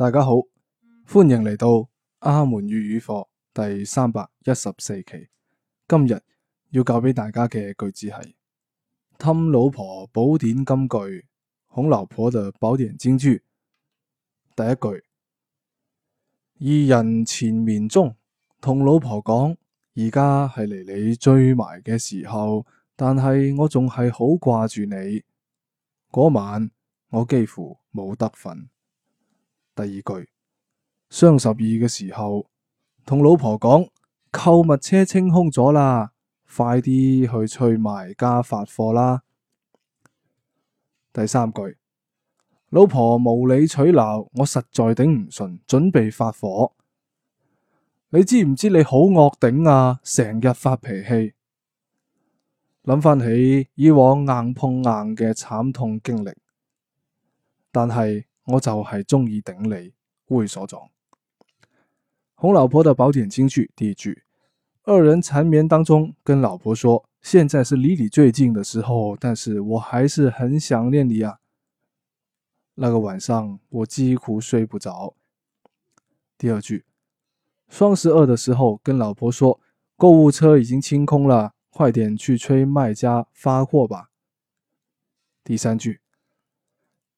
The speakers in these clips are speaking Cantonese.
大家好，歡迎嚟到阿門粵語課第三百一十四期。今日要教俾大家嘅句子係：氹老婆寶典金句，哄老婆就寶典珍珠。第一句，二人纏綿中，同老婆講：而家係離你最埋嘅時候，但係我仲係好掛住你。嗰晚我幾乎冇得瞓。第二句，雙十二嘅時候，同老婆講，購物車清空咗喇，快啲去催賣家發貨啦。第三句，老婆無理取鬧，我實在頂唔順，準備發火。你知唔知你好惡頂啊？成日發脾氣。諗翻起以往硬碰硬嘅慘痛經歷，但係。我就係中意頂你，猥瑣狀。哄老婆的寶典金句，第一句：二人纏綿當中跟老婆說，現在是離你最近的時候，但是我還是很想念你啊。那個晚上我幾乎睡不着。第二句：雙十二的時候跟老婆說，購物車已經清空了，快點去催賣家發貨吧。第三句。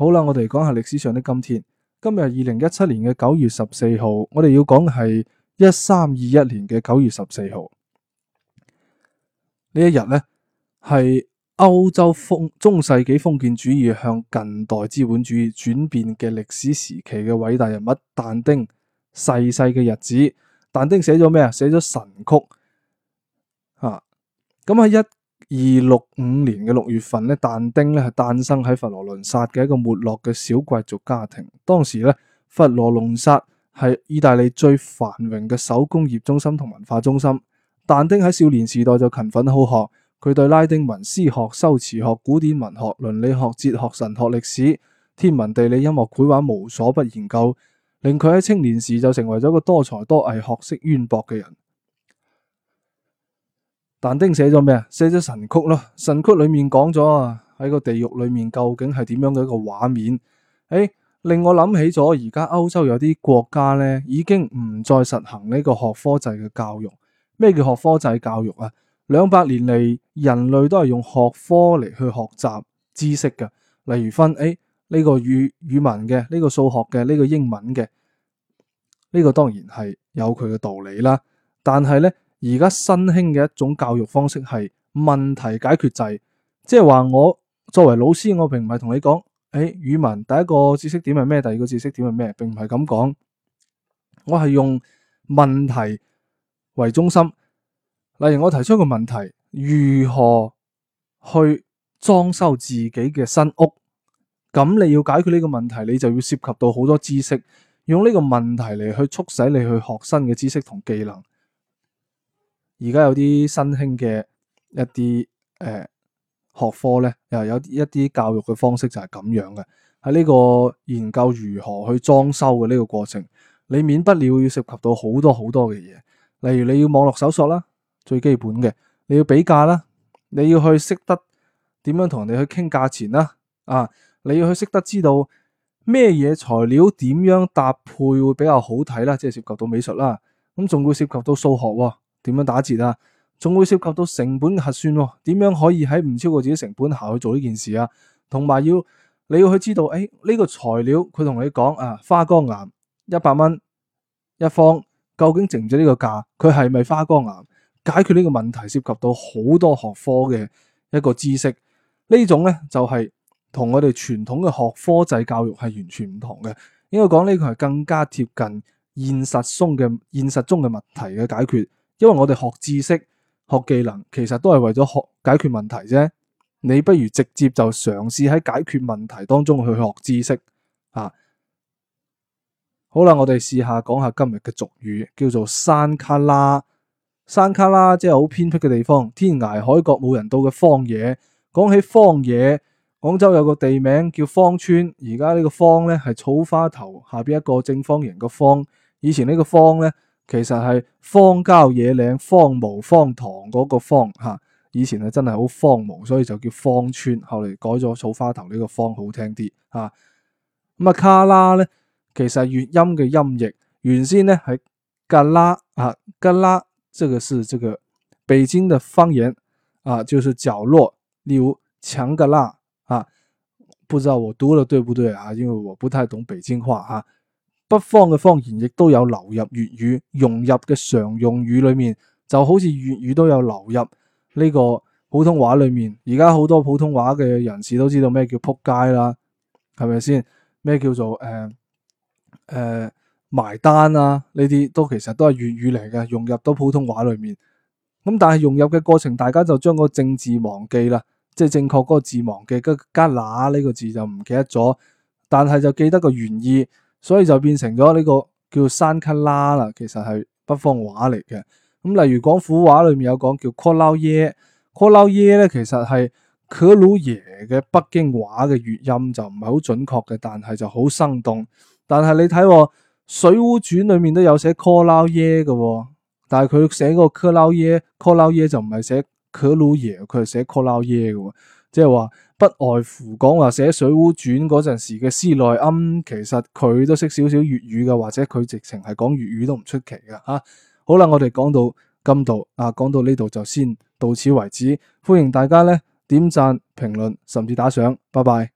好啦，我哋嚟講下歷史上的今天。今日二零一七年嘅九月十四號，我哋要講係一三二一年嘅九月十四號。呢一日呢，係歐洲封中世紀封建主義向近代資本主義轉變嘅歷史時期嘅偉大人物但丁逝世嘅日子。但丁寫咗咩啊？寫咗神曲啊。咁喺一二六五年嘅六月份，呢但丁呢，係誕生喺佛羅倫薩嘅一個沒落嘅小貴族家庭。當時呢，佛羅倫薩係意大利最繁榮嘅手工業中心同文化中心。但丁喺少年時代就勤奮好學，佢對拉丁文、詩學、修辭學、古典文學、倫理學、哲學、神學、歷史、天文、地理、音樂、繪畫無所不研究，令佢喺青年時就成為咗一個多才多藝、學識淵博嘅人。但丁寫咗咩啊？寫咗神曲咯。神曲裏面講咗啊，喺個地獄裏面究竟係點樣嘅一個畫面？誒，令我諗起咗而家歐洲有啲國家咧，已經唔再實行呢個學科制嘅教育。咩叫學科制教育啊？兩百年嚟，人類都係用學科嚟去學習知識㗎。例如分誒呢個語語文嘅，呢個數學嘅，呢個英文嘅。呢個當然係有佢嘅道理啦。但係咧。而家新興嘅一種教育方式係問題解決制，即係話我作為老師，我並唔係同你講，誒，語文第一個知識點係咩，第二個知識點係咩，並唔係咁講。我係用問題為中心，例如我提出一個問題，如何去裝修自己嘅新屋？咁你要解決呢個問題，你就要涉及到好多知識，用呢個問題嚟去促使你去學新嘅知識同技能。而家有啲新興嘅一啲誒、呃、學科咧，又有一啲教育嘅方式就係咁樣嘅，喺呢個研究如何去裝修嘅呢個過程，你免不了要涉及到好多好多嘅嘢，例如你要網絡搜索啦，最基本嘅你要比價啦，你要去識得點樣同人哋去傾價錢啦，啊，你要去識得知道咩嘢材料點樣搭配會比較好睇啦，即係涉及到美術啦，咁仲會涉及到數學喎、哦。點樣打折啊？仲會涉及到成本嘅核算、哦，點樣可以喺唔超過自己成本下去做呢件事啊？同埋要你要去知道，誒、哎、呢、呢個材料佢同你講啊花崗岩一百蚊一方，究竟值唔值呢個價？佢係咪花崗岩？解決呢個問題涉及到好多學科嘅一個知識，種呢種咧就係、是、同我哋傳統嘅學科制教育係完全唔同嘅。應該講呢個係更加貼近現實中嘅現實中嘅問題嘅解決。因為我哋學知識、學技能，其實都係為咗學解決問題啫。你不如直接就嘗試喺解決問題當中去學知識啊！好啦，我哋試下講下今日嘅俗語，叫做山卡拉。山卡拉即係好偏僻嘅地方，天涯海角冇人到嘅荒野。講起荒野，廣州有個地名叫芳村，而家呢個芳呢」咧係草花頭下邊一個正方形個方」。以前呢個芳呢」咧。其實係荒郊野嶺、荒蕪荒唐嗰個荒嚇、啊，以前係真係好荒蕪，所以就叫荒村。後嚟改咗草花頭呢個荒好聽啲嚇。咁啊，卡喇咧，其實係粵音嘅音譯，原先咧係格拉啊，格拉，這個是這個北京嘅方言啊，就是角落，例如強格拉啊，不知道我讀得對唔對啊？因為我不太懂北京話啊。北方嘅方言亦都有流入粵語，融入嘅常用語裏面，就好似粵語都有流入呢個普通話裏面。而家好多普通話嘅人士都知道咩叫撲街啦，係咪先？咩叫做誒誒、呃呃、埋單啊？呢啲都其實都係粵語嚟嘅，融入到普通話裏面。咁但係融入嘅過程，大家就將個正字忘記啦，即係正確嗰個字忘記，加加乸呢個字就唔記得咗，但係就記得個原意。所以就變成咗呢個叫山卡喇啦，其實係北方話嚟嘅。咁例如廣府話，裏面有講叫 call 撈耶，call 撈耶咧，其實係可老爺嘅北京話嘅粵音就唔係好準確嘅，但係就好生動。但係你睇《水滸傳》裏面都有寫 call 撈耶嘅，但係佢寫個 call 撈耶，call 撈耶就唔係寫可老爺，佢係寫 call 撈耶嘅，即係話。不外乎講話寫《水滸傳》嗰陣時嘅施耐庵，其實佢都識少少粵語嘅，或者佢直情係講粵語都唔出奇嘅吓。好啦，我哋講到今度啊，講到呢度就先到此為止。歡迎大家咧點讚、評論，甚至打賞。拜拜。